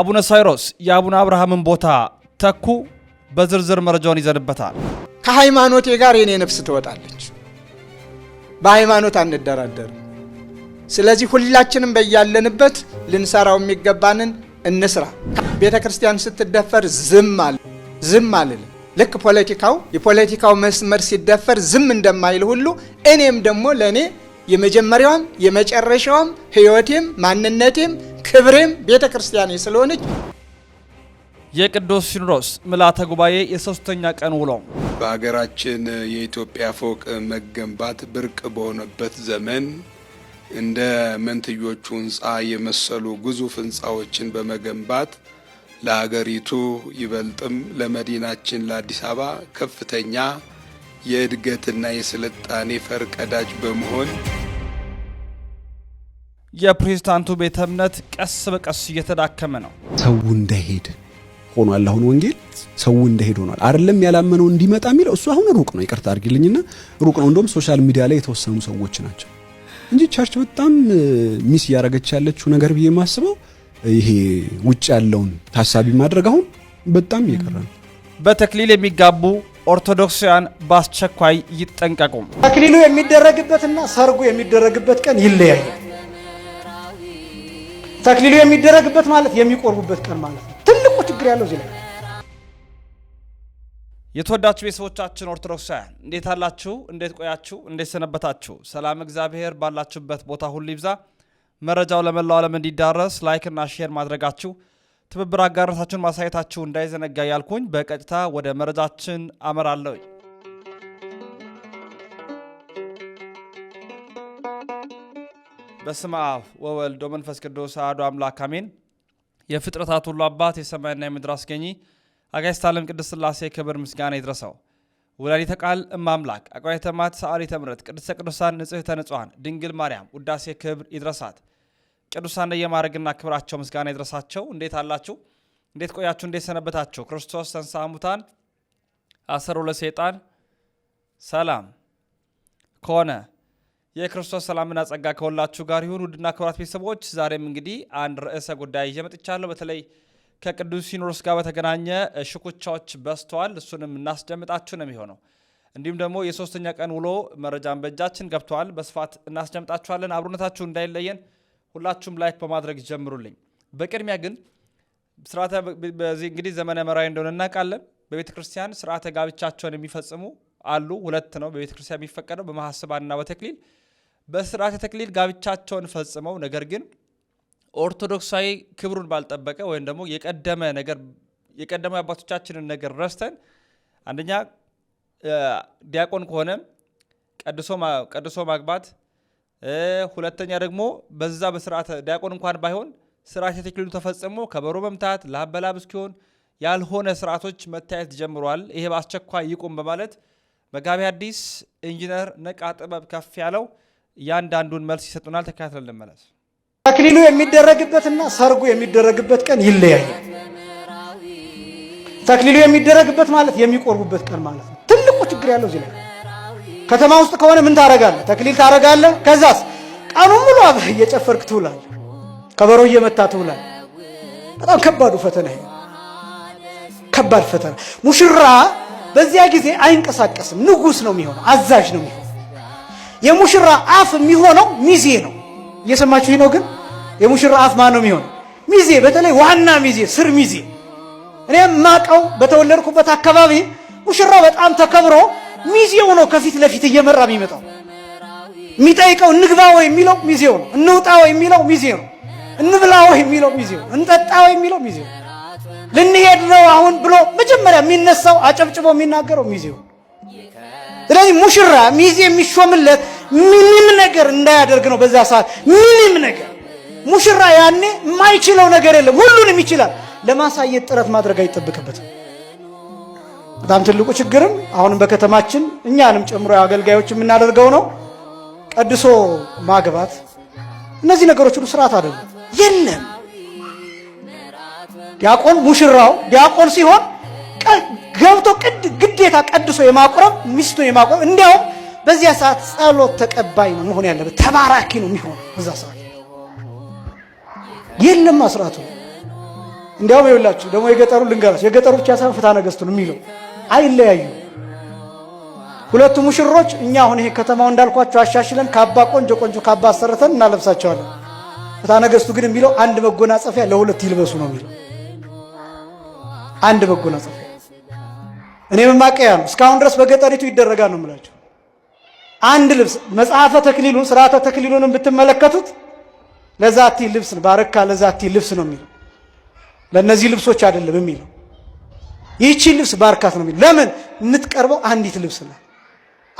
አቡነ ሳይሮስ የአቡነ አብርሃምን ቦታ ተኩ። በዝርዝር መረጃውን ይዘንበታል። ከሃይማኖቴ ጋር የኔ ነፍስ ትወጣለች። በሃይማኖት አንደራደርም። ስለዚህ ሁላችንም በያለንበት ልንሰራው የሚገባንን እንስራ። ቤተ ክርስቲያን ስትደፈር ዝም አለ አልልም። ልክ ፖለቲካው የፖለቲካው መስመር ሲደፈር ዝም እንደማይል ሁሉ እኔም ደግሞ ለእኔ የመጀመሪያውም የመጨረሻዋም ሕይወቴም ማንነቴም ክብሬም ቤተ ክርስቲያኔ ስለሆነች። የቅዱስ ሲኖዶስ ምልዓተ ጉባኤ የሶስተኛ ቀን ውሎ በሀገራችን የኢትዮጵያ ፎቅ መገንባት ብርቅ በሆነበት ዘመን እንደ መንትዮቹ ህንፃ የመሰሉ ግዙፍ ህንፃዎችን በመገንባት ለሀገሪቱ ይበልጥም ለመዲናችን ለአዲስ አበባ ከፍተኛ የእድገትና የስልጣኔ ፈርቀዳጅ በመሆን የፕሬዝዳንቱ ቤተ እምነት ቀስ በቀስ እየተዳከመ ነው። ሰው እንደሄድ ሆኗል። አሁን ወንጌል ሰው እንደሄድ ሆኗል። አይደለም ያላመነው እንዲመጣ የሚለው እሱ አሁን ሩቅ ነው። ይቅርታ አድርጊልኝና ሩቅ ነው። እንደውም ሶሻል ሚዲያ ላይ የተወሰኑ ሰዎች ናቸው እንጂ ቸርች በጣም ሚስ እያደረገች ያለችው ነገር ብዬ የማስበው ይሄ ውጭ ያለውን ታሳቢ ማድረግ አሁን በጣም እየቀረ ነው። በተክሊል የሚጋቡ ኦርቶዶክሳውያን በአስቸኳይ ይጠንቀቁም። ተክሊሉ የሚደረግበትና ሰርጉ የሚደረግበት ቀን ይለያያል። ተክሊሉ የሚደረግበት ማለት የሚቆርቡበት ቀን ማለት ነው። ትልቁ ችግር ያለው እዚህ ላይ። የተወዳችሁ ቤተሰቦቻችን ኦርቶዶክሳውያን እንዴት አላችሁ? እንዴት ቆያችሁ? እንዴት ሰነበታችሁ? ሰላም እግዚአብሔር ባላችሁበት ቦታ ሁሉ ይብዛ። መረጃው ለመላው ዓለም እንዲዳረስ እና ሼር ማድረጋችሁ ትብብር አጋርነታችሁን ማሳየታችሁ እንዳይዘነጋ ያልኩኝ በቀጥታ ወደ መረጃችን አመራለሁኝ። በስመ አብ ወወልድ ወመንፈስ ቅዱስ አሐዱ አምላክ አሜን። የፍጥረታት ሁሉ አባት የሰማይና የምድር አስገኚ አጋዕዝተ ዓለም ቅድስት ሥላሴ ክብር ምስጋና ይድረሰው። ወላዲተ ቃል እማምላክ አምላክ አቋየተ እማት ምሕረት ቅድስተ ቅዱሳን ንጽሕተ ንጹሐን ድንግል ማርያም ውዳሴ ክብር ይድረሳት። ቅዱሳን የማዕረግና ክብራቸው ምስጋና ይድረሳቸው። እንዴት አላችሁ? እንዴት ቆያችሁ? እንዴት ሰነበታችሁ? ክርስቶስ ተንሥአ እሙታን አሰሮ ለሰይጣን ሰላም ከሆነ የክርስቶስ ሰላምና ጸጋ ከሁላችሁ ጋር ይሁን። ውድና ክብራት ቤተሰቦች ዛሬም እንግዲህ አንድ ርዕሰ ጉዳይ ይዤ መጥቻለሁ። በተለይ ከቅዱስ ሲኖዶስ ጋር በተገናኘ ሽኩቻዎች በዝተዋል። እሱንም እናስደምጣችሁ ነው የሚሆነው። እንዲሁም ደግሞ የሶስተኛ ቀን ውሎ መረጃን በእጃችን ገብተዋል። በስፋት እናስደምጣችኋለን። አብሮነታችሁ እንዳይለየን ሁላችሁም ላይክ በማድረግ ጀምሩልኝ። በቅድሚያ ግን ስርዓተ በዚህ እንግዲህ ዘመነ መራዊ እንደሆነ እናውቃለን። በቤተ ክርስቲያን ስርዓተ ጋብቻቸውን የሚፈጽሙ አሉ። ሁለት ነው በቤተ ክርስቲያን የሚፈቀደው በማሐሰባና በተክሊል በስርዓተ ተክሊል ጋብቻቸውን ፈጽመው ነገር ግን ኦርቶዶክሳዊ ክብሩን ባልጠበቀ ወይም ደግሞ የቀደመ ነገር የቀደመው አባቶቻችንን ነገር ረስተን አንደኛ ዲያቆን ከሆነ ቀድሶ ማግባት፣ ሁለተኛ ደግሞ በዛ በስርዓተ ዲያቆን እንኳን ባይሆን ስርዓተ ተክሊሉ ተፈጽሞ ከበሮ መምታት ለአበላብ እስኪሆን ያልሆነ ስርዓቶች መታየት ጀምረዋል። ይሄ በአስቸኳይ ይቁም በማለት መጋቢ አዲስ ኢንጂነር ነቃ ጥበብ ከፍ ያለው እያንዳንዱን መልስ ይሰጡናል። ተከታትለን ልመለስ። አክሊሉ የሚደረግበትና ሰርጉ የሚደረግበት ቀን ይለያያል። ተክሊሉ የሚደረግበት ማለት የሚቆርቡበት ቀን ማለት ነው። ትልቁ ችግር ያለው እዚህ ላይ ከተማ ውስጥ ከሆነ ምን ታረጋለህ? ተክሊል ታረጋለህ። ከዛስ ቀኑ ሙሉ አብረህ እየጨፈርክ ትውላለህ። ከበሮ እየመታ ትውላለህ። በጣም ከባዱ ፈተና ይሄ ከባድ ፈተና። ሙሽራ በዚያ ጊዜ አይንቀሳቀስም። ንጉስ ነው የሚሆነው፣ አዛዥ ነው የሚሆነው የሙሽራ አፍ የሚሆነው ሚዜ ነው። እየሰማችሁ ነው። ግን የሙሽራ አፍ ማን ነው የሚሆነው? ሚዜ። በተለይ ዋና ሚዜ፣ ስር ሚዜ። እኔ የማውቀው በተወለድኩበት አካባቢ ሙሽራው በጣም ተከብሮ ሚዜው ነው ከፊት ለፊት እየመራ የሚመጣው የሚጠይቀው እንግባ ወይ የሚለው ሚዜው ነው። እንውጣ ወይ የሚለው ሚዜው ነው። እንብላ ወይ የሚለው ሚዜው ነው። እንጠጣ ወይ የሚለው ሚዜው ነው። ልንሄድ ነው አሁን ብሎ መጀመሪያ የሚነሳው አጨብጭቦ የሚናገረው ሚዜው ነው። ስለዚህ ሙሽራ ሚዜ የሚሾምለት ምንም ነገር እንዳያደርግ ነው። በዛ ሰዓት ምንም ነገር ሙሽራ ያኔ የማይችለው ነገር የለም፣ ሁሉንም ይችላል። ለማሳየት ጥረት ማድረግ አይጠብቅበትም። በጣም ትልቁ ችግርም አሁንም በከተማችን እኛንም ጨምሮ አገልጋዮች የምናደርገው ነው፣ ቀድሶ ማግባት። እነዚህ ነገሮች ሁሉ ስርዓት አይደለም፣ የለም። ዲያቆን ሙሽራው ዲያቆን ሲሆን ገብቶ ግዴታ ቀድሶ የማቁረብ ሚስቱን የማቁረብ እንዲያውም በዚያ ሰዓት ጸሎት ተቀባይ ነው መሆን ያለበት። ተባራኪ ነው የሚሆነው በዛ ሰዓት። የለም አስራቱ እንዲያውም ይኸውላችሁ ደግሞ የገጠሩ ልንገራችሁ፣ የገጠሩ ብቻ ሳይሆን ፍትሐ ነገሥቱ ነው የሚለው አይለያዩ። ሁለቱ ሙሽሮች እኛ አሁን ይሄ ከተማው እንዳልኳቸው አሻሽለን ካባ ቆንጆ ቆንጆ ካባ አሰርተን እናለብሳቸዋለን። ፍትሐ ነገሥቱ ግን የሚለው አንድ መጎናጸፊያ ለሁለት ይልበሱ ነው የሚለው አንድ መጎናጸፊያ። እኔም ማቀያ ነው እስካሁን ድረስ በገጠሪቱ ይደረጋል ነው የምላቸው አንድ ልብስ መጽሐፈ ተክሊሉን ስርዓተ ተክሊሉንም ብትመለከቱት ለዛቲ ልብስ ባረካ ለዛቲ ልብስ ነው የሚለው ለእነዚህ ልብሶች አይደለም የሚለው ይቺ ልብስ ባርካት ነው የሚለው ለምን የምትቀርበው አንዲት ልብስ ነው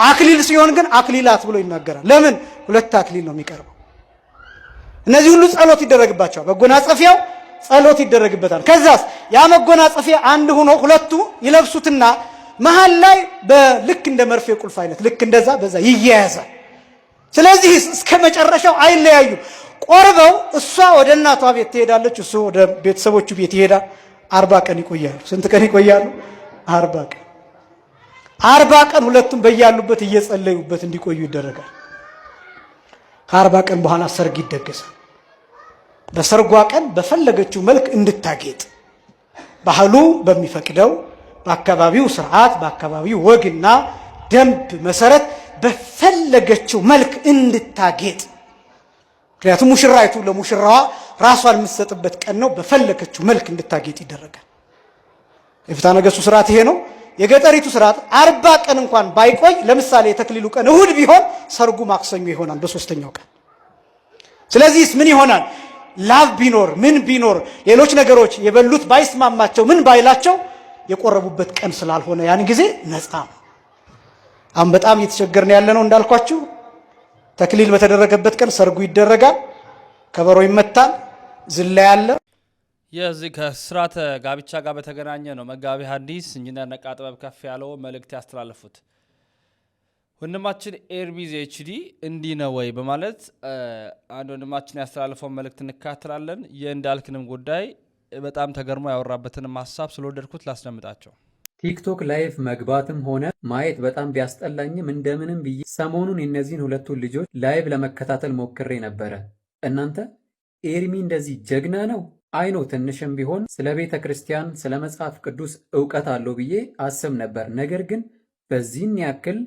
አክሊል ሲሆን ግን አክሊላት ብሎ ይናገራል ለምን ሁለት አክሊል ነው የሚቀርበው እነዚህ ሁሉ ጸሎት ይደረግባቸዋል መጎናጸፊያው ጸሎት ይደረግበታል ከዛስ ያ መጎናጸፊያ አንድ ሆኖ ሁለቱ ይለብሱትና መሀል ላይ በልክ እንደ መርፌ ቁልፍ አይነት ልክ እንደዛ በዛ ይያያዛል። ስለዚህ እስከ መጨረሻው አይለያዩ። ቆርበው እሷ ወደ እናቷ ቤት ትሄዳለች፣ እሱ ወደ ቤተሰቦቹ ቤት ይሄዳል። አርባ ቀን ይቆያሉ። ስንት ቀን ይቆያሉ? አርባ ቀን። አርባ ቀን ሁለቱም በያሉበት እየጸለዩበት እንዲቆዩ ይደረጋል። ከአርባ ቀን በኋላ ሰርግ ይደገሳል። በሰርጓ ቀን በፈለገችው መልክ እንድታጌጥ ባህሉ በሚፈቅደው በአካባቢው ስርዓት በአካባቢው ወግና ደንብ መሰረት በፈለገችው መልክ እንድታጌጥ። ምክንያቱም ሙሽራይቱ ለሙሽራዋ ራሷን የምትሰጥበት ቀን ነው። በፈለገችው መልክ እንድታጌጥ ይደረጋል። የፍትሐ ነገሥቱ ስርዓት ይሄ ነው። የገጠሪቱ ስርዓት አርባ ቀን እንኳን ባይቆይ፣ ለምሳሌ የተክሊሉ ቀን እሁድ ቢሆን ሰርጉ ማክሰኞ ይሆናል፣ በሶስተኛው ቀን። ስለዚህ ምን ይሆናል? ላቭ ቢኖር ምን ቢኖር ሌሎች ነገሮች የበሉት ባይስማማቸው ምን ባይላቸው የቆረቡበት ቀን ስላልሆነ ያን ጊዜ ነፃ ነው። አሁን በጣም እየተቸገርን ያለ ነው እንዳልኳችሁ። ተክሊል በተደረገበት ቀን ሰርጉ ይደረጋል፣ ከበሮ ይመታል፣ ዝላ ያለ የዚህ ከስርዓተ ጋብቻ ጋር በተገናኘ ነው መጋቢ ሐዲስ ኢንጂነር ነቃ ጥበብ ከፍ ያለው መልእክት ያስተላለፉት። ወንድማችን ኤርቢዝ ኤችዲ እንዲህ ነው ወይ በማለት አንድ ወንድማችን ያስተላለፈውን መልእክት እንካትላለን። የእንዳልክንም ጉዳይ በጣም ተገርሞ ያወራበትንም ሀሳብ ስለወደድኩት ላስደምጣቸው። ቲክቶክ ላይቭ መግባትም ሆነ ማየት በጣም ቢያስጠላኝም እንደምንም ብዬ ሰሞኑን የእነዚህን ሁለቱን ልጆች ላይቭ ለመከታተል ሞክሬ ነበረ። እናንተ ኤርሚ እንደዚህ ጀግና ነው አይኖ ትንሽም ቢሆን ስለ ቤተ ክርስቲያን ስለ መጽሐፍ ቅዱስ እውቀት አለው ብዬ አስብ ነበር። ነገር ግን በዚህን ያክል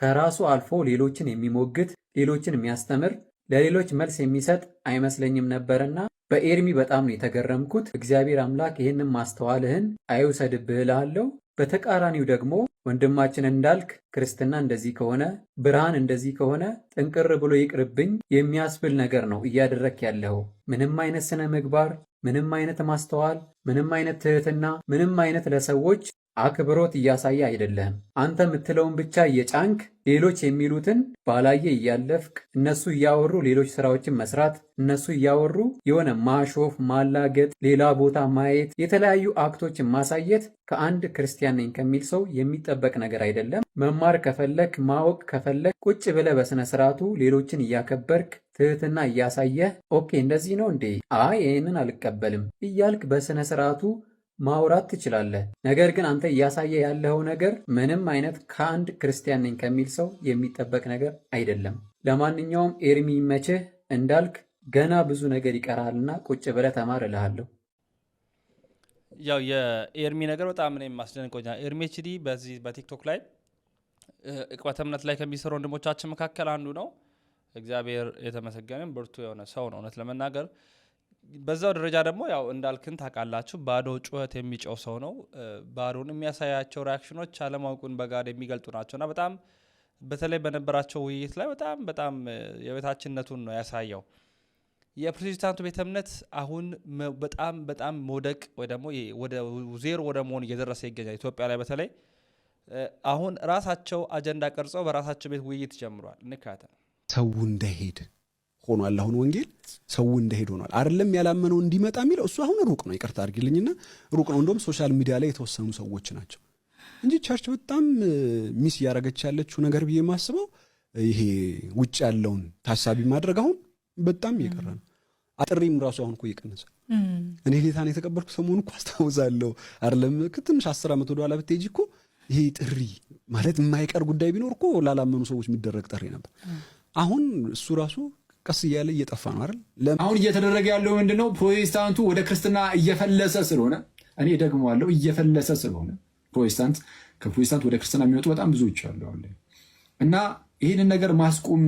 ከራሱ አልፎ ሌሎችን የሚሞግት ሌሎችን የሚያስተምር ለሌሎች መልስ የሚሰጥ አይመስለኝም ነበርና በኤርሚ በጣም ነው የተገረምኩት። እግዚአብሔር አምላክ ይህንን ማስተዋልህን አይውሰድብህ እልሃለሁ። በተቃራኒው ደግሞ ወንድማችን እንዳልክ ክርስትና እንደዚህ ከሆነ ብርሃን እንደዚህ ከሆነ ጥንቅር ብሎ ይቅርብኝ የሚያስብል ነገር ነው እያደረክ ያለው። ምንም አይነት ስነ ምግባር፣ ምንም አይነት ማስተዋል፣ ምንም አይነት ትህትና፣ ምንም አይነት ለሰዎች አክብሮት እያሳየ አይደለህም። አንተ የምትለውን ብቻ እየጫንክ ሌሎች የሚሉትን ባላየ እያለፍክ እነሱ እያወሩ ሌሎች ስራዎችን መስራት፣ እነሱ እያወሩ የሆነ ማሾፍ፣ ማላገጥ፣ ሌላ ቦታ ማየት፣ የተለያዩ አክቶችን ማሳየት ከአንድ ክርስቲያን ነኝ ከሚል ሰው የሚጠበቅ ነገር አይደለም። መማር ከፈለክ፣ ማወቅ ከፈለክ ቁጭ ብለህ በሥነ ስርዓቱ ሌሎችን እያከበርክ ትህትና እያሳየህ ኦኬ እንደዚህ ነው እንዴ አይ ይህንን አልቀበልም እያልክ በሥነ ስርዓቱ ማውራት ትችላለህ። ነገር ግን አንተ እያሳየ ያለው ነገር ምንም አይነት ከአንድ ክርስቲያን ነኝ ከሚል ሰው የሚጠበቅ ነገር አይደለም። ለማንኛውም ኤርሚ መቼህ እንዳልክ ገና ብዙ ነገር ይቀራልና ቁጭ ብለህ ተማር እልሃለሁ። ያው የኤርሚ ነገር በጣም እኔም አስደንቆኛል። ኤርሚ ኤችዲ በዚህ በቲክቶክ ላይ እቅበተ እምነት ላይ ከሚሰሩ ወንድሞቻችን መካከል አንዱ ነው። እግዚአብሔር የተመሰገነ ብርቱ የሆነ ሰው ነው እውነት ለመናገር በዛው ደረጃ ደግሞ ያው እንዳልክን ታውቃላችሁ ባዶ ጩኸት የሚጮው ሰው ነው። ባዶን የሚያሳያቸው ሪያክሽኖች አለማወቁን በጋድ የሚገልጡ ናቸው እና በጣም በተለይ በነበራቸው ውይይት ላይ በጣም በጣም የበታችነቱን ነው ያሳየው። የፕሮቴስታንቱ ቤተ እምነት አሁን በጣም በጣም መውደቅ ወይ ደግሞ ወደ ዜሮ ወደ መሆን እየደረሰ ይገኛል። ኢትዮጵያ ላይ በተለይ አሁን ራሳቸው አጀንዳ ቀርጸው በራሳቸው ቤት ውይይት ጀምሯል። እንካተ ሰው እንዳይሄድ ሆኗል። አሁን ወንጌል ሰው እንደሄድ ሆኗል። አይደለም ያላመነው እንዲመጣ የሚለው እሱ አሁን ሩቅ ነው፣ ይቅርታ አድርግልኝና ሩቅ ነው። እንደውም ሶሻል ሚዲያ ላይ የተወሰኑ ሰዎች ናቸው እንጂ ቸርች በጣም ሚስ እያደረገች ያለችው ነገር ብዬ የማስበው ይሄ ውጭ ያለውን ታሳቢ ማድረግ አሁን በጣም እየቀረ ነው። አጥሪም ራሱ አሁን እኮ እየቀነሰ እኔ ጌታን የተቀበልኩ ሰሞኑ እኮ አስታውሳለሁ። አይደለም ትንሽ አስር ዓመት ወደኋላ ብትሄጂ እኮ ይሄ ጥሪ ማለት የማይቀር ጉዳይ ቢኖር እኮ ላላመኑ ሰዎች የሚደረግ ጥሪ ነበር። አሁን እሱ ራሱ ቀስ እያለ እየጠፋ ነው አይደል? አሁን እየተደረገ ያለው ምንድን ነው? ፕሮቴስታንቱ ወደ ክርስትና እየፈለሰ ስለሆነ እኔ ደግሞ አለው እየፈለሰ ስለሆነ ፕሮቴስታንት ከፕሮቴስታንት ወደ ክርስትና የሚወጡ በጣም ብዙዎች አሉ እና ይህንን ነገር ማስቆም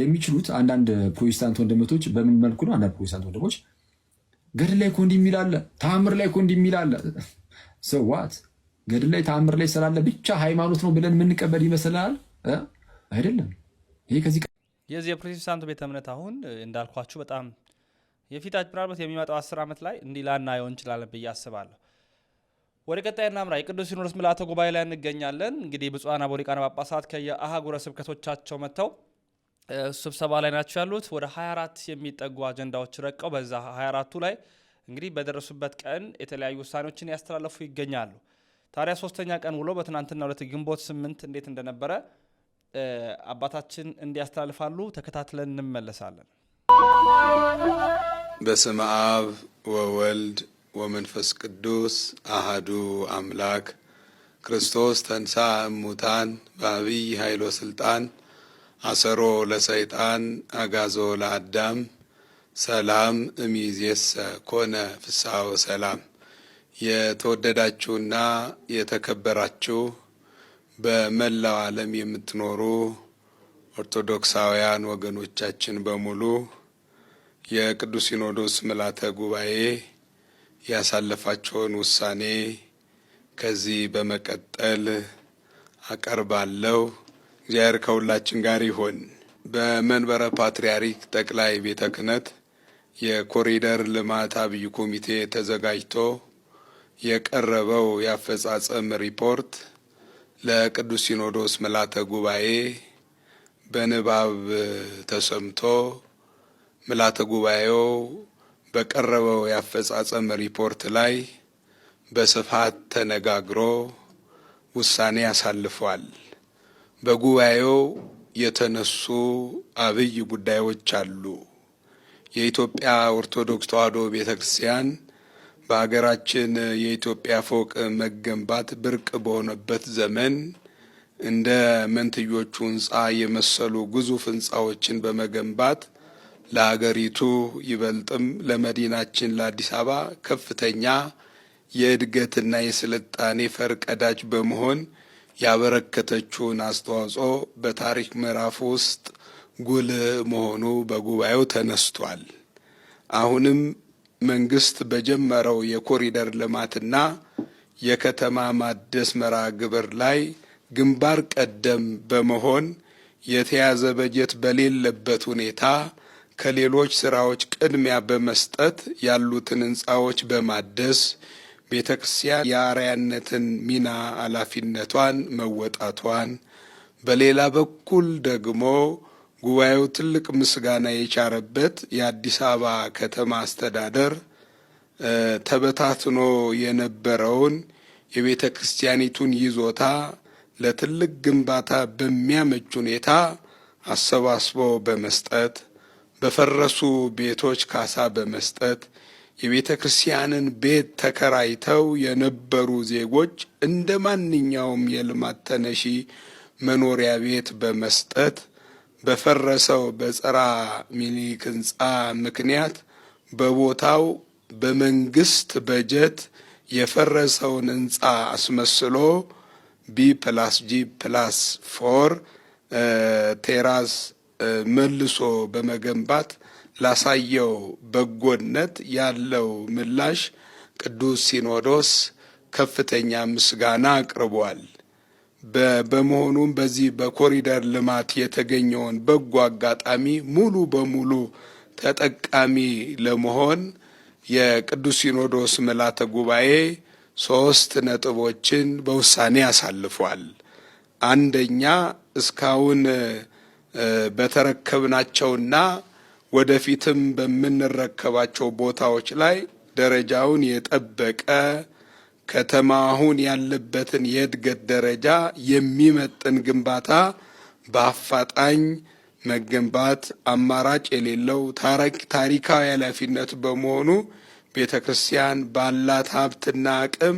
የሚችሉት አንዳንድ ፕሮቴስታንት ወንድመቶች በምን መልኩ ነው? አንዳንድ ፕሮቴስታንት ወንድሞች ገድል ላይ እኮ እንዲህ የሚል ተአምር ላይ እኮ እንዲህ የሚል ሰዋት ገድል ላይ ተአምር ላይ ስላለ ብቻ ሃይማኖት ነው ብለን የምንቀበል ይመስላል? አይደለም ይሄ ከዚህ የዚህ የፕሮቴስታንቱ ቤተ እምነት አሁን እንዳልኳችሁ በጣም የፊታችን ምናልባት የሚመጣው አስር ዓመት ላይ እንዲህ ላናየው እንችላለን ብዬ አስባለሁ። ወደ ቀጣይ እናምራ። የቅዱስ ሲኖዶስ ምልዓተ ጉባኤ ላይ እንገኛለን። እንግዲህ ብፁዓን አበው ሊቃነ ጳጳሳት ከየአህጉረ ስብከቶቻቸው መጥተው ስብሰባ ላይ ናቸው ያሉት። ወደ 24 የሚጠጉ አጀንዳዎች ረቀው በዛ 24ቱ ላይ እንግዲህ በደረሱበት ቀን የተለያዩ ውሳኔዎችን ያስተላለፉ ይገኛሉ። ታዲያ ሶስተኛ ቀን ውሎ በትናንትና ሁለት ግንቦት ስምንት እንዴት እንደነበረ አባታችን እንዲያስተላልፋሉ ተከታትለን እንመለሳለን። በስመ አብ ወወልድ ወመንፈስ ቅዱስ አህዱ አምላክ ክርስቶስ ተንሳ እሙታን በአብይ ኃይሎ ስልጣን አሰሮ ለሰይጣን አጋዞ ለአዳም ሰላም እሚዜሰ ኮነ ፍስሐ ወሰላም። የተወደዳችሁና የተከበራችሁ በመላው ዓለም የምትኖሩ ኦርቶዶክሳውያን ወገኖቻችን በሙሉ የቅዱስ ሲኖዶስ ምልዓተ ጉባኤ ያሳለፋቸውን ውሳኔ ከዚህ በመቀጠል አቀርባለሁ። እግዚአብሔር ከሁላችን ጋር ይሆን። በመንበረ ፓትርያርክ ጠቅላይ ቤተ ክህነት የኮሪደር ልማት አብይ ኮሚቴ ተዘጋጅቶ የቀረበው የአፈጻጸም ሪፖርት ለቅዱስ ሲኖዶስ ምልዓተ ጉባኤ በንባብ ተሰምቶ ምልዓተ ጉባኤው በቀረበው የአፈጻጸም ሪፖርት ላይ በስፋት ተነጋግሮ ውሳኔ አሳልፏል። በጉባኤው የተነሱ አብይ ጉዳዮች አሉ። የኢትዮጵያ ኦርቶዶክስ ተዋሕዶ ቤተ ክርስቲያን በሀገራችን የኢትዮጵያ ፎቅ መገንባት ብርቅ በሆነበት ዘመን እንደ መንትዮቹ ህንፃ የመሰሉ ግዙፍ ህንፃዎችን በመገንባት ለሀገሪቱ ይበልጥም ለመዲናችን ለአዲስ አበባ ከፍተኛ የእድገትና የስልጣኔ ፈርቀዳጅ በመሆን ያበረከተችውን አስተዋጽኦ በታሪክ ምዕራፍ ውስጥ ጉልህ መሆኑ በጉባኤው ተነስቷል። አሁንም መንግስት በጀመረው የኮሪደር ልማትና የከተማ ማደስ መርሃ ግብር ላይ ግንባር ቀደም በመሆን የተያዘ በጀት በሌለበት ሁኔታ ከሌሎች ስራዎች ቅድሚያ በመስጠት ያሉትን ህንፃዎች በማደስ ቤተ ክርስቲያን የአርያነትን ሚና ኃላፊነቷን መወጣቷን፣ በሌላ በኩል ደግሞ ጉባኤው ትልቅ ምስጋና የቻረበት የአዲስ አበባ ከተማ አስተዳደር ተበታትኖ የነበረውን የቤተ ክርስቲያኒቱን ይዞታ ለትልቅ ግንባታ በሚያመች ሁኔታ አሰባስቦ በመስጠት በፈረሱ ቤቶች ካሳ በመስጠት የቤተ ክርስቲያንን ቤት ተከራይተው የነበሩ ዜጎች እንደ ማንኛውም የልማት ተነሺ መኖሪያ ቤት በመስጠት በፈረሰው በጸራ ሚኒክ ህንፃ ምክንያት በቦታው በመንግስት በጀት የፈረሰውን ህንፃ አስመስሎ ቢ ፕላስ ጂ ፕላስ ፎር ቴራስ መልሶ በመገንባት ላሳየው በጎነት ያለው ምላሽ ቅዱስ ሲኖዶስ ከፍተኛ ምስጋና አቅርቧል። በመሆኑም በዚህ በኮሪደር ልማት የተገኘውን በጎ አጋጣሚ ሙሉ በሙሉ ተጠቃሚ ለመሆን የቅዱስ ሲኖዶስ ምልዓተ ጉባኤ ሶስት ነጥቦችን በውሳኔ አሳልፏል። አንደኛ እስካሁን በተረከብናቸውና ወደፊትም በምንረከባቸው ቦታዎች ላይ ደረጃውን የጠበቀ ከተማ አሁን ያለበትን የእድገት ደረጃ የሚመጥን ግንባታ በአፋጣኝ መገንባት አማራጭ የሌለው ታሪካዊ ኃላፊነት በመሆኑ ቤተ ክርስቲያን ባላት ሀብትና አቅም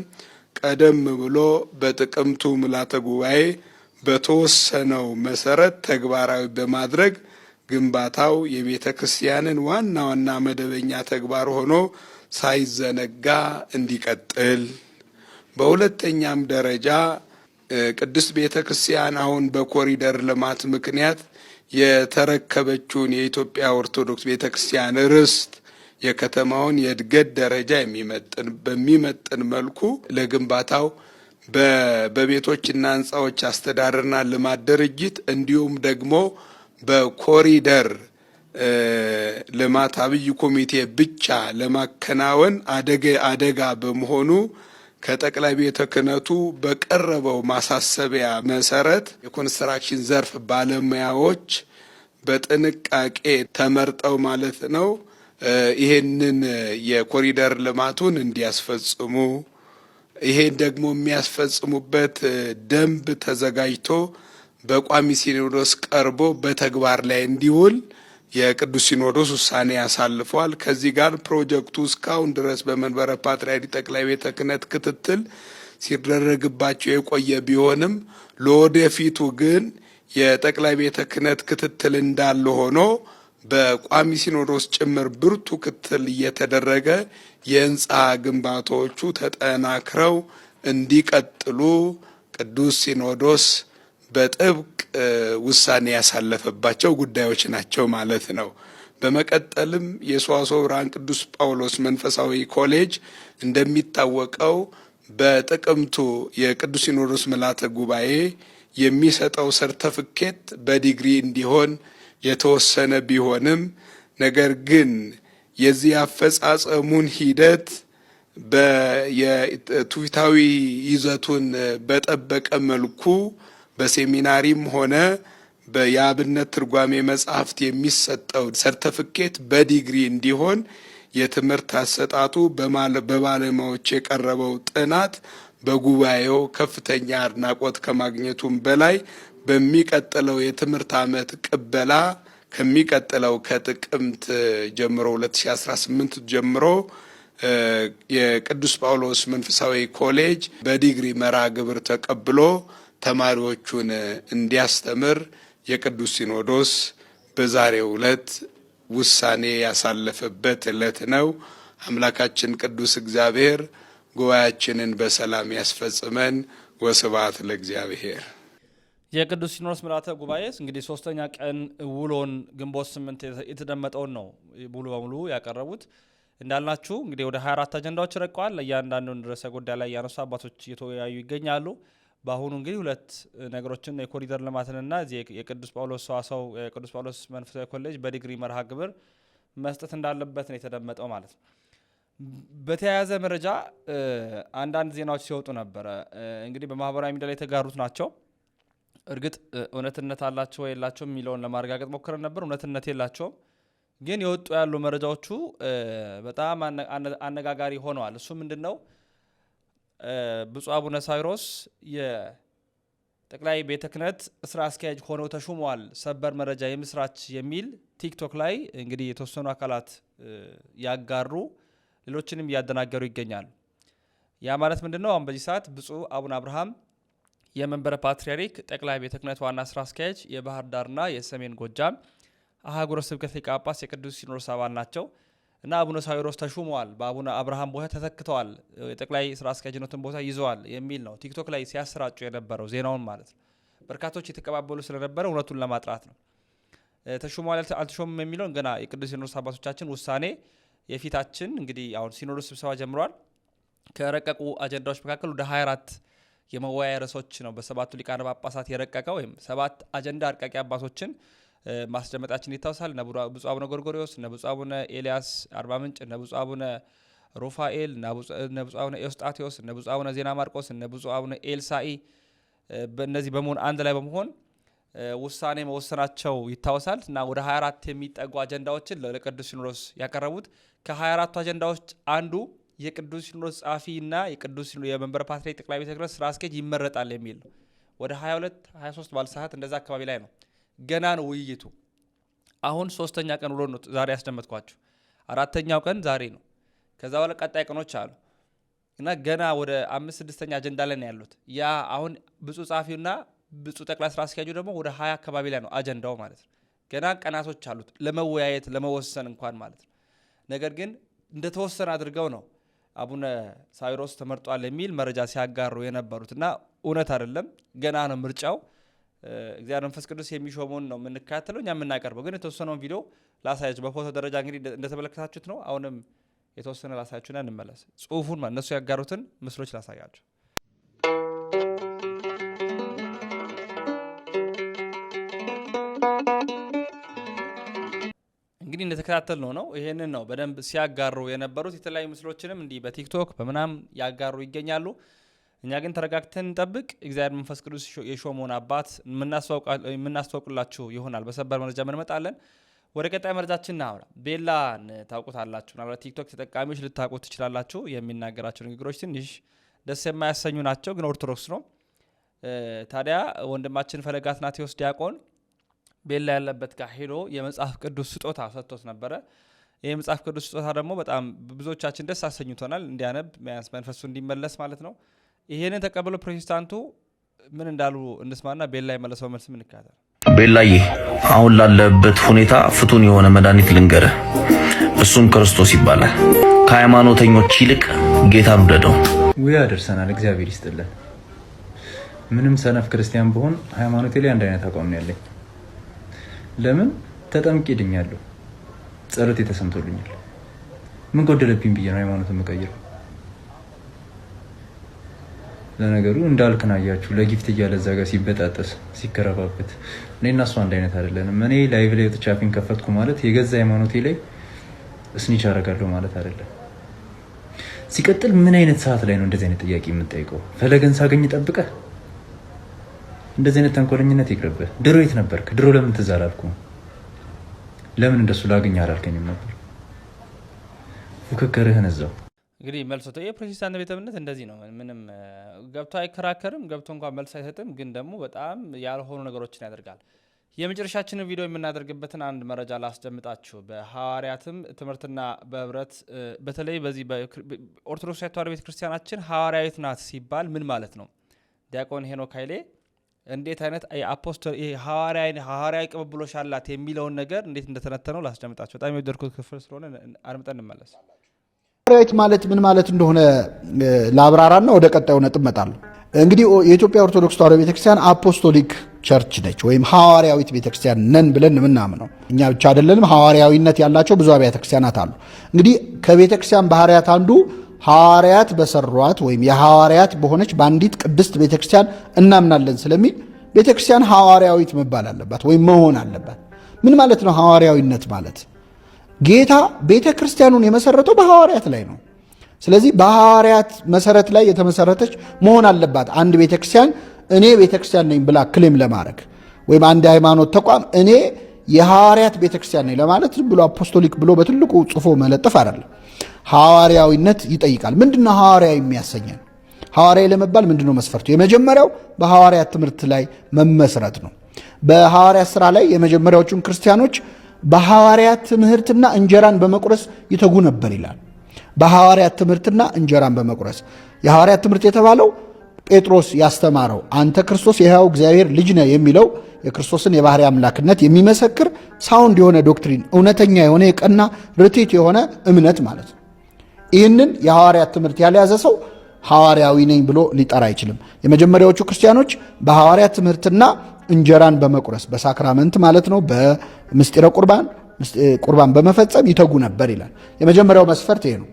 ቀደም ብሎ በጥቅምቱ ምልዓተ ጉባኤ በተወሰነው መሰረት ተግባራዊ በማድረግ ግንባታው የቤተ ክርስቲያንን ዋና ዋና መደበኛ ተግባር ሆኖ ሳይዘነጋ እንዲቀጥል በሁለተኛም ደረጃ ቅድስት ቤተ ክርስቲያን አሁን በኮሪደር ልማት ምክንያት የተረከበችውን የኢትዮጵያ ኦርቶዶክስ ቤተ ክርስቲያን ርስት የከተማውን የእድገት ደረጃ የሚመጥን በሚመጥን መልኩ ለግንባታው በቤቶችና ህንፃዎች አስተዳደርና ልማት ድርጅት እንዲሁም ደግሞ በኮሪደር ልማት አብይ ኮሚቴ ብቻ ለማከናወን አደጋ በመሆኑ ከጠቅላይ ቤተ ክህነቱ በቀረበው ማሳሰቢያ መሰረት የኮንስትራክሽን ዘርፍ ባለሙያዎች በጥንቃቄ ተመርጠው ማለት ነው ይሄንን የኮሪደር ልማቱን እንዲያስፈጽሙ ይሄን ደግሞ የሚያስፈጽሙበት ደንብ ተዘጋጅቶ በቋሚ ሲኖዶስ ቀርቦ በተግባር ላይ እንዲውል የቅዱስ ሲኖዶስ ውሳኔ ያሳልፈዋል። ከዚህ ጋር ፕሮጀክቱ እስካሁን ድረስ በመንበረ ፓትርያርክ ጠቅላይ ቤተ ክህነት ክትትል ሲደረግባቸው የቆየ ቢሆንም ለወደፊቱ ግን የጠቅላይ ቤተ ክህነት ክትትል እንዳለ ሆኖ በቋሚ ሲኖዶስ ጭምር ብርቱ ክትትል እየተደረገ የህንፃ ግንባታዎቹ ተጠናክረው እንዲቀጥሉ ቅዱስ ሲኖዶስ በጥብቅ ውሳኔ ያሳለፈባቸው ጉዳዮች ናቸው ማለት ነው። በመቀጠልም የሰዋስወ ብርሃን ቅዱስ ጳውሎስ መንፈሳዊ ኮሌጅ እንደሚታወቀው በጥቅምቱ የቅዱስ ሲኖዶስ ምልዓተ ጉባኤ የሚሰጠው ሰርተፍኬት በዲግሪ እንዲሆን የተወሰነ ቢሆንም ነገር ግን የዚህ አፈጻጸሙን ሂደት በየትውፊታዊ ይዘቱን በጠበቀ መልኩ በሴሚናሪም ሆነ በየአብነት ትርጓሜ መጽሐፍት የሚሰጠው ሰርተፍኬት በዲግሪ እንዲሆን የትምህርት አሰጣጡ በባለሙያዎች የቀረበው ጥናት በጉባኤው ከፍተኛ አድናቆት ከማግኘቱም በላይ በሚቀጥለው የትምህርት ዓመት ቅበላ ከሚቀጥለው ከጥቅምት ጀምሮ 2018 ጀምሮ የቅዱስ ጳውሎስ መንፈሳዊ ኮሌጅ በዲግሪ መርሃ ግብር ተቀብሎ ተማሪዎቹን እንዲያስተምር የቅዱስ ሲኖዶስ በዛሬው ዕለት ውሳኔ ያሳለፈበት ዕለት ነው። አምላካችን ቅዱስ እግዚአብሔር ጉባኤያችንን በሰላም ያስፈጽመን። ወስብሐት ለእግዚአብሔር። የቅዱስ ሲኖዶስ ምልዓተ ጉባኤ እንግዲህ ሶስተኛ ቀን ውሎን ግንቦት ስምንት የተደመጠውን ነው ሙሉ በሙሉ ያቀረቡት። እንዳልናችሁ እንግዲህ ወደ 24 አጀንዳዎች ረቀዋል። ለእያንዳንዱ ርዕሰ ጉዳይ ላይ ያነሱ አባቶች እየተወያዩ ይገኛሉ። በአሁኑ እንግዲህ ሁለት ነገሮችን የኮሪደር ልማትንና የቅዱስ ጳውሎስ ሰዋሰው የቅዱስ ጳውሎስ መንፈሳዊ ኮሌጅ በዲግሪ መርሃ ግብር መስጠት እንዳለበት ነው የተደመጠው ማለት ነው። በተያያዘ መረጃ አንዳንድ ዜናዎች ሲወጡ ነበረ። እንግዲህ በማህበራዊ ሚዲያ ላይ የተጋሩት ናቸው። እርግጥ እውነትነት አላቸው የላቸውም የሚለውን ለማረጋገጥ ሞክረን ነበር። እውነትነት የላቸውም፣ ግን የወጡ ያሉ መረጃዎቹ በጣም አነጋጋሪ ሆነዋል። እሱ ምንድን ነው? ብፁ አቡነ ሳይሮስ የጠቅላይ ቤተ ክህነት ስራ አስኪያጅ ሆነው ተሹመዋል። ሰበር መረጃ የምስራች የሚል ቲክቶክ ላይ እንግዲህ የተወሰኑ አካላት ያጋሩ፣ ሌሎችንም እያደናገሩ ይገኛል። ያ ማለት ምንድን ነው? አሁን በዚህ ሰዓት ብፁ አቡነ አብርሃም የመንበረ ፓትርያርክ ጠቅላይ ቤተ ክህነት ዋና ስራ አስኪያጅ የባህር ዳርና የሰሜን ጎጃም አህጉረ ስብከት ሊቀ ጳጳስ የቅዱስ ሲኖዶስ አባል ናቸው። እና አቡነ ሳዊሮስ ተሹመዋል፣ በአቡነ አብርሃም ቦታ ተተክተዋል፣ የጠቅላይ ስራ አስኪያጅነትን ቦታ ይዘዋል የሚል ነው ቲክቶክ ላይ ሲያሰራጩ የነበረው ዜናውን ማለት ነው። በርካቶች የተቀባበሉ ስለነበረ እውነቱን ለማጥራት ነው። ተሹመዋል አልተሾምም የሚለውን ገና የቅዱስ ሲኖዶስ አባቶቻችን ውሳኔ የፊታችን እንግዲህ አሁን ሲኖዶስ ስብሰባ ጀምረዋል። ከረቀቁ አጀንዳዎች መካከል ወደ 24 የመወያያ ርዕሶች ነው በሰባቱ ሊቃነ ጳጳሳት የረቀቀ ወይም ሰባት አጀንዳ አርቃቂ አባቶችን ማስደመጣችን ይታወሳል። እነ ብፁዕ አቡነ ጎርጎሪዎስ፣ እነ ብፁዕ አቡነ ኤልያስ አርባ ምንጭ፣ እነ ብፁዕ አቡነ ሩፋኤል፣ እነ ብፁዕ አቡነ ኤውስጣቴዎስ፣ እነ ብፁዕ አቡነ ዜና ማርቆስ፣ እነ ብፁዕ አቡነ ኤልሳኢ እነዚህ በመሆን አንድ ላይ በመሆን ውሳኔ መወሰናቸው ይታወሳል እና ወደ 24 የሚጠጉ አጀንዳዎችን ለቅዱስ ሲኖዶስ ያቀረቡት ከ24ቱ አጀንዳዎች አንዱ የቅዱስ ሲኖዶስ ጸሐፊ እና የቅዱስ የመንበረ ፓትርያርክ ጠቅላይ ቤተ ክህነት ስራ አስኪያጅ ይመረጣል የሚል ነው። ወደ 22 23 ባለ ሰዓት እንደዛ አካባቢ ላይ ነው ገና ነው ውይይቱ። አሁን ሶስተኛ ቀን ውሎ ነው ዛሬ ያስደመጥኳችሁ። አራተኛው ቀን ዛሬ ነው። ከዛ በኋላ ቀጣይ ቀኖች አሉ እና ገና ወደ አምስት ስድስተኛ አጀንዳ ላይ ነው ያሉት። ያ አሁን ብፁ ጸሐፊውና ብፁ ጠቅላይ ስራ አስኪያጁ ደግሞ ወደ ሀያ አካባቢ ላይ ነው አጀንዳው ማለት ነው። ገና ቀናቶች አሉት ለመወያየት ለመወሰን እንኳን ማለት ነው። ነገር ግን እንደተወሰነ አድርገው ነው አቡነ ሳዊሮስ ተመርጧል የሚል መረጃ ሲያጋሩ የነበሩት እና እውነት አይደለም። ገና ነው ምርጫው። እግዚአብሔር መንፈስ ቅዱስ የሚሾመውን ነው የምንከታተለው እኛ የምናቀርበው። ግን የተወሰነውን ቪዲዮ ላሳያችሁ። በፎቶ ደረጃ እንግዲህ እንደተመለከታችሁት ነው። አሁንም የተወሰነ ላሳያችሁና እንመለስ። ጽሁፉን እነሱ ያጋሩትን ምስሎች ላሳያችሁ። እንግዲህ እንደተከታተል ነው ነው ይሄንን ነው በደንብ ሲያጋሩ የነበሩት። የተለያዩ ምስሎችንም እንዲህ በቲክቶክ በምናም ያጋሩ ይገኛሉ። እኛ ግን ተረጋግተን እንጠብቅ። እግዚአብሔር መንፈስ ቅዱስ የሾመውን አባት የምናስተዋውቅላችሁ ይሆናል። በሰበር መረጃ እንመጣለን። ወደ ቀጣይ መረጃችን እናምራ። ቤላን ታውቁታላችሁ። ምናልባት ቲክቶክ ተጠቃሚዎች ልታውቁ ትችላላችሁ። የሚናገራቸው ንግግሮች ትንሽ ደስ የማያሰኙ ናቸው፣ ግን ኦርቶዶክስ ነው። ታዲያ ወንድማችን ፈለገ አትናቴዎስ ዲያቆን ቤላ ያለበት ጋር ሄዶ የመጽሐፍ ቅዱስ ስጦታ ሰጥቶት ነበረ። ይህ መጽሐፍ ቅዱስ ስጦታ ደግሞ በጣም ብዙዎቻችን ደስ አሰኝቶናል። እንዲያነብ መንፈሱ እንዲመለስ ማለት ነው ይሄንን ተቀብለው ፕሮቴስታንቱ ምን እንዳሉ እንስማና ቤላ የመለሰው መልስ ምን ይካተል። ቤላዬ አሁን ላለበት ሁኔታ ፍቱን የሆነ መድኃኒት ልንገርህ፣ እሱም ክርስቶስ ይባላል። ከሃይማኖተኞች ይልቅ ጌታን ውደደው። ውያ ደርሰናል። እግዚአብሔር ይስጥልን። ምንም ሰነፍ ክርስቲያን ብሆን ሃይማኖቴ ላይ አንድ አይነት አቋም ነው ያለኝ። ለምን ተጠምቄ ድኛለሁ፣ ጸሎቴ ተሰምቶልኛል። ምን ጎደለብኝ ብዬ ነው ሃይማኖት የምቀይረው። ለነገሩ እንዳልክን አያችሁ ለጊፍት እያለ እዛ ጋር ሲበጣጠስ ሲከረባበት፣ እኔ እና እሷ አንድ አይነት አይደለንም። እኔ ላይቭ ላይ ወጥቼ አፌን ከፈትኩ ማለት የገዛ ሃይማኖቴ ላይ እስኒች አደርጋለሁ ማለት አይደለም። ሲቀጥል ምን አይነት ሰዓት ላይ ነው እንደዚህ አይነት ጥያቄ የምጠይቀው? ፈለገን ሳገኝ ጠብቀ? እንደዚህ አይነት ተንኮለኝነት ይቅርብህ። ድሮ የት ነበርክ? ድሮ ለምን ትዝ ለምን እንደሱ ላገኝ አላልከኝም ነበር? ፉክክርህን እዛው እንግዲህ መልሶ የፕሮቴስታንት ቤተ እምነት እንደዚህ ነው። ምንም ገብቶ አይከራከርም፣ ገብቶ እንኳን መልስ አይሰጥም። ግን ደግሞ በጣም ያልሆኑ ነገሮችን ያደርጋል። የመጨረሻችንን ቪዲዮ የምናደርግበትን አንድ መረጃ ላስደምጣችሁ። በሐዋርያትም ትምህርትና በህብረት በተለይ በዚህ በኦርቶዶክስ ተዋሕዶ ቤተ ክርስቲያናችን ሐዋርያዊት ናት ሲባል ምን ማለት ነው? ዲያቆን ሄኖክ ኃይሌ እንዴት አይነት ሐዋርያዊ ቅብብሎች አላት የሚለውን ነገር እንዴት እንደተነተነው ላስደምጣችሁ። በጣም የወደድኩት ክፍል ስለሆነ አድምጠን እንመለስ። ሐዋርያዊት ማለት ምን ማለት እንደሆነ ለአብራራና ወደ ቀጣዩ ነጥብ እመጣለሁ። እንግዲህ የኢትዮጵያ ኦርቶዶክስ ተዋሕዶ ቤተክርስቲያን አፖስቶሊክ ቸርች ነች፣ ወይም ሐዋርያዊት ቤተክርስቲያን ነን ብለን የምናምነው እኛ ብቻ አይደለንም። ሐዋርያዊነት ያላቸው ብዙ አብያተ ክርስቲያናት አሉ። እንግዲህ ከቤተክርስቲያን ባህርያት አንዱ ሐዋርያት በሰሯት ወይም የሐዋርያት በሆነች በአንዲት ቅድስት ቤተክርስቲያን እናምናለን ስለሚል ቤተክርስቲያን ሐዋርያዊት መባል አለባት ወይም መሆን አለባት። ምን ማለት ነው ሐዋርያዊነት ማለት? ጌታ ቤተ ክርስቲያኑን የመሰረተው በሐዋርያት ላይ ነው። ስለዚህ በሐዋርያት መሰረት ላይ የተመሰረተች መሆን አለባት። አንድ ቤተ ክርስቲያን እኔ ቤተ ክርስቲያን ነኝ ብላ ክሌም ለማድረግ ወይም አንድ ሃይማኖት ተቋም እኔ የሐዋርያት ቤተ ክርስቲያን ነኝ ለማለት ዝም ብሎ አፖስቶሊክ ብሎ በትልቁ ጽፎ መለጠፍ አይደለም። ሐዋርያዊነት ይጠይቃል። ምንድነው ሐዋርያ የሚያሰኘን? ሐዋርያ ለመባል ምንድነው መስፈርቱ? የመጀመሪያው በሐዋርያት ትምህርት ላይ መመስረት ነው። በሐዋርያት ስራ ላይ የመጀመሪያዎቹን ክርስቲያኖች በሐዋርያት ትምህርትና እንጀራን በመቁረስ ይተጉ ነበር ይላል። በሐዋርያት ትምህርትና እንጀራን በመቁረስ የሐዋርያት ትምህርት የተባለው ጴጥሮስ ያስተማረው አንተ ክርስቶስ የሕያው እግዚአብሔር ልጅ ነህ የሚለው የክርስቶስን የባህሪ አምላክነት የሚመሰክር ሳውንድ የሆነ ዶክትሪን፣ እውነተኛ የሆነ የቀና ርቲት የሆነ እምነት ማለት ነው። ይህንን የሐዋርያት ትምህርት ያልያዘ ሰው ሐዋርያዊ ነኝ ብሎ ሊጠራ አይችልም። የመጀመሪያዎቹ ክርስቲያኖች በሐዋርያ ትምህርትና እንጀራን በመቁረስ በሳክራመንት ማለት ነው፣ በምስጢረ ቁርባን ቁርባን በመፈጸም ይተጉ ነበር ይላል። የመጀመሪያው መስፈርት ይሄ ነው።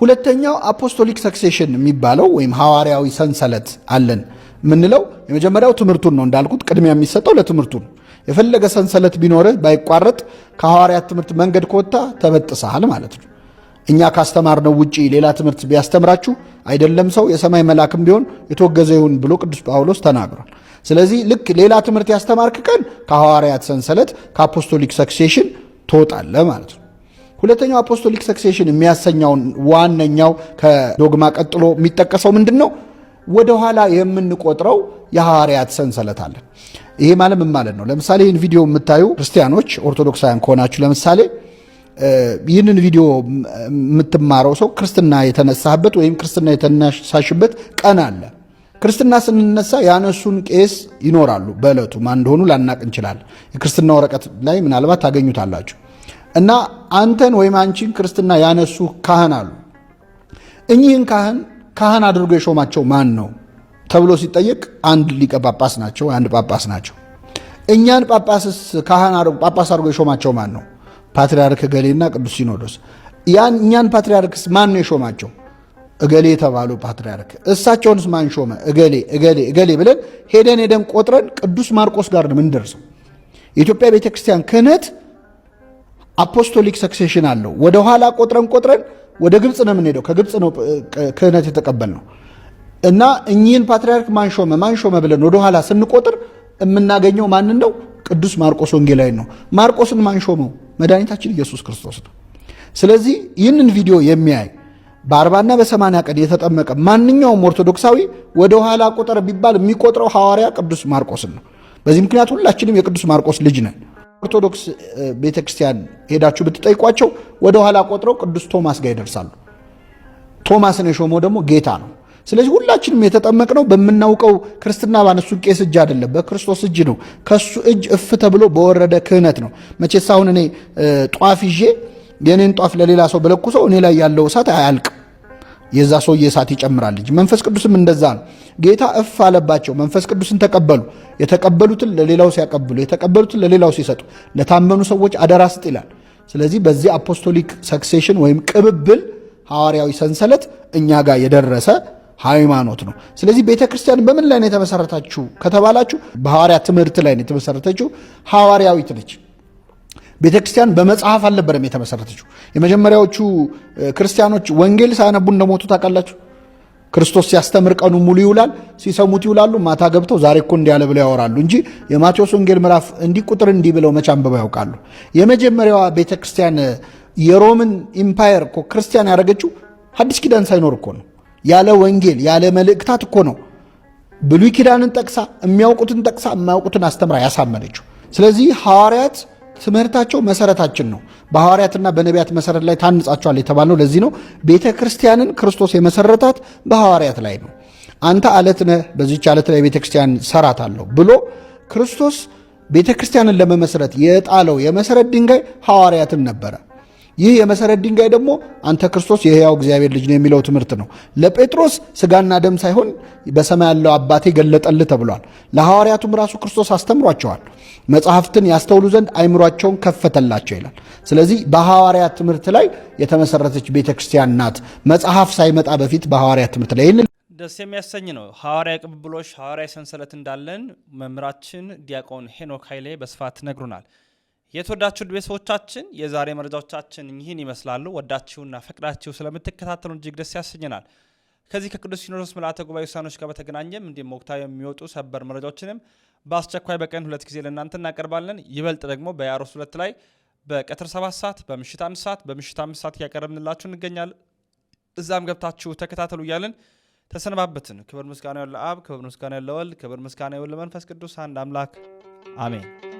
ሁለተኛው አፖስቶሊክ ሰክሴሽን የሚባለው ወይም ሐዋርያዊ ሰንሰለት አለን የምንለው የመጀመሪያው ትምህርቱን ነው። እንዳልኩት ቅድሚያ የሚሰጠው ለትምህርቱ ነው። የፈለገ ሰንሰለት ቢኖርህ ባይቋረጥ ከሐዋርያት ትምህርት መንገድ ከወጣ ተበጥሰሃል ማለት ነው። እኛ ካስተማርነው ውጪ ሌላ ትምህርት ቢያስተምራችሁ አይደለም ሰው የሰማይ መልአክም ቢሆን የተወገዘ ይሁን ብሎ ቅዱስ ጳውሎስ ተናግሯል። ስለዚህ ልክ ሌላ ትምህርት ያስተማርክ ቀን ከሐዋርያት ሰንሰለት ከአፖስቶሊክ ሰክሴሽን ትወጣለ ማለት ነው። ሁለተኛው አፖስቶሊክ ሰክሴሽን የሚያሰኛውን ዋነኛው ከዶግማ ቀጥሎ የሚጠቀሰው ምንድን ነው? ወደኋላ የምንቆጥረው የሐዋርያት ሰንሰለት አለን። ይሄ ማለት ምን ማለት ነው? ለምሳሌ ይህን ቪዲዮ የምታዩ ክርስቲያኖች ኦርቶዶክሳውያን ከሆናችሁ ለምሳሌ ይህንን ቪዲዮ የምትማረው ሰው ክርስትና የተነሳበት ወይም ክርስትና የተነሳሽበት ቀን አለ። ክርስትና ስንነሳ ያነሱን ቄስ ይኖራሉ። በእለቱ ማን እንደሆኑ ላናቅ እንችላለን። የክርስትና ወረቀት ላይ ምናልባት ታገኙታላችሁ። እና አንተን ወይም አንቺን ክርስትና ያነሱ ካህን አሉ። እኚህን ካህን ካህን አድርጎ የሾማቸው ማን ነው ተብሎ ሲጠየቅ አንድ ሊቀ ጳጳስ ናቸው፣ አንድ ጳጳስ ናቸው። እኛን ጳጳስ ካህን ጳጳስ አድርጎ የሾማቸው ማን ነው? ፓትርያርክ እገሌና ቅዱስ ሲኖዶስ ያን እኛን ፓትርያርክስ ማን ነው የሾማቸው? እገሌ የተባሉ ፓትርያርክ። እሳቸውንስ ማን ሾመ? እገሌ እገሌ እገሌ ብለን ሄደን ሄደን ቆጥረን ቅዱስ ማርቆስ ጋር ነው የምንደርሰው። የኢትዮጵያ ቤተክርስቲያን ክህነት አፖስቶሊክ ሰክሴሽን አለው። ወደኋላ ቆጥረን ቆጥረን ወደ ግብፅ ነው የምንሄደው። ከግብፅ ነው ክህነት የተቀበልነው እና እኚህን ፓትርያርክ ማን ሾመ ማን ሾመ ብለን ወደኋላ ስንቆጥር የምናገኘው ማንን ነው? ቅዱስ ማርቆስ ወንጌላዊ ነው። ማርቆስን ማን ሾመው? መድኃኒታችን ኢየሱስ ክርስቶስ ነው። ስለዚህ ይህንን ቪዲዮ የሚያይ በአርባና በሰማንያ ቀን የተጠመቀ ማንኛውም ኦርቶዶክሳዊ ወደ ኋላ ቁጥር ቢባል የሚቆጥረው ሐዋርያ ቅዱስ ማርቆስን ነው። በዚህ ምክንያት ሁላችንም የቅዱስ ማርቆስ ልጅ ነን። ኦርቶዶክስ ቤተክርስቲያን ሄዳችሁ ብትጠይቋቸው ወደ ኋላ ቆጥረው ቅዱስ ቶማስ ጋር ይደርሳሉ። ቶማስን የሾመው ደግሞ ጌታ ነው። ስለዚህ ሁላችንም የተጠመቅነው በምናውቀው ክርስትና ባነሱ ቄስ እጅ አይደለም፣ በክርስቶስ እጅ ነው። ከሱ እጅ እፍ ተብሎ በወረደ ክህነት ነው። መቼስ አሁን እኔ ጧፍ ይዤ የእኔን ጧፍ ለሌላ ሰው በለኩሰው እኔ ላይ ያለው እሳት አያልቅ የዛ ሰውዬ እሳት ይጨምራል እንጂ መንፈስ ቅዱስም እንደዛ ነው። ጌታ እፍ አለባቸው፣ መንፈስ ቅዱስን ተቀበሉ። የተቀበሉትን ለሌላው ሲያቀብሉ፣ የተቀበሉትን ለሌላው ሲሰጡ፣ ለታመኑ ሰዎች አደራ ስጥ ይላል። ስለዚህ በዚህ አፖስቶሊክ ሰክሴሽን ወይም ቅብብል ሐዋርያዊ ሰንሰለት እኛ ጋር የደረሰ ሃይማኖት ነው። ስለዚህ ቤተ ክርስቲያን በምን ላይ ነው የተመሰረታችሁ ከተባላችሁ በሐዋርያ ትምህርት ላይ ነው የተመሰረተችው። ሐዋርያዊት ነች። ቤተ ክርስቲያን በመጽሐፍ አልነበረም የተመሰረተችው። የመጀመሪያዎቹ ክርስቲያኖች ወንጌል ሳያነቡ እንደሞቱ ታውቃላችሁ። ክርስቶስ ሲያስተምር ቀኑ ሙሉ ይውላል። ሲሰሙት ይውላሉ። ማታ ገብተው ዛሬ እኮ እንዲያለ ብለው ያወራሉ እንጂ የማቴዎስ ወንጌል ምዕራፍ እንዲህ ቁጥር እንዲህ ብለው መቼ አንብበው ያውቃሉ? የመጀመሪያዋ ቤተ ክርስቲያን የሮምን ኢምፓየር እኮ ክርስቲያን ያደረገችው አዲስ ኪዳን ሳይኖር እኮ ነው። ያለ ወንጌል ያለ መልእክታት እኮ ነው ብሉይ ኪዳንን ጠቅሳ የሚያውቁትን ጠቅሳ የማያውቁትን አስተምራ ያሳመነችው። ስለዚህ ሐዋርያት ትምህርታቸው መሰረታችን ነው። በሐዋርያትና በነቢያት መሰረት ላይ ታንጻቸዋል የተባልነው ለዚህ ነው። ቤተ ክርስቲያንን ክርስቶስ የመሰረታት በሐዋርያት ላይ ነው። አንተ አለት ነህ፣ በዚች አለት ላይ ቤተ ክርስቲያን ሰራት አለው ብሎ ክርስቶስ ቤተ ክርስቲያንን ለመመስረት የጣለው የመሰረት ድንጋይ ሐዋርያትን ነበረ። ይህ የመሰረት ድንጋይ ደግሞ አንተ ክርስቶስ የሕያው እግዚአብሔር ልጅ ነው የሚለው ትምህርት ነው። ለጴጥሮስ ስጋና ደም ሳይሆን በሰማይ ያለው አባቴ ገለጠልህ ተብሏል። ለሐዋርያቱም ራሱ ክርስቶስ አስተምሯቸዋል። መጽሐፍትን ያስተውሉ ዘንድ አይምሯቸውን ከፈተላቸው ይላል። ስለዚህ በሐዋርያት ትምህርት ላይ የተመሰረተች ቤተ ክርስቲያን ናት። መጽሐፍ ሳይመጣ በፊት በሐዋርያት ትምህርት ላይ ይህን ደስ የሚያሰኝ ነው። ሐዋርያ ቅብብሎች፣ ሐዋርያ ሰንሰለት እንዳለን መምህራችን ዲያቆን ሄኖክ ኃይሌ በስፋት ነግሩናል። የተወዳችሁ ቤተሰቦቻችን የዛሬ መረጃዎቻችን ይህን ይመስላሉ። ወዳችሁና ፈቅዳችሁ ስለምትከታተሉ እጅግ ደስ ያሰኘናል። ከዚህ ከቅዱስ ሲኖዶስ ምልዓተ ጉባኤ ውሳኔዎች ጋር በተገናኘም እንዲሁም ወቅታዊ የሚወጡ ሰበር መረጃዎችንም በአስቸኳይ በቀን ሁለት ጊዜ ለእናንተ እናቀርባለን። ይበልጥ ደግሞ በያሮስ ሁለት ላይ በቀትር ሰባት ሰዓት፣ በምሽት አንድ ሰዓት፣ በምሽት አምስት ሰዓት እያቀረብንላችሁ እንገኛለን። እዛም ገብታችሁ ተከታተሉ እያልን ተሰነባበትን። ክብር ምስጋና ለአብ፣ ክብር ምስጋና ለወልድ፣ ክብር ምስጋና ለመንፈስ ቅዱስ አንድ አምላክ አሜን።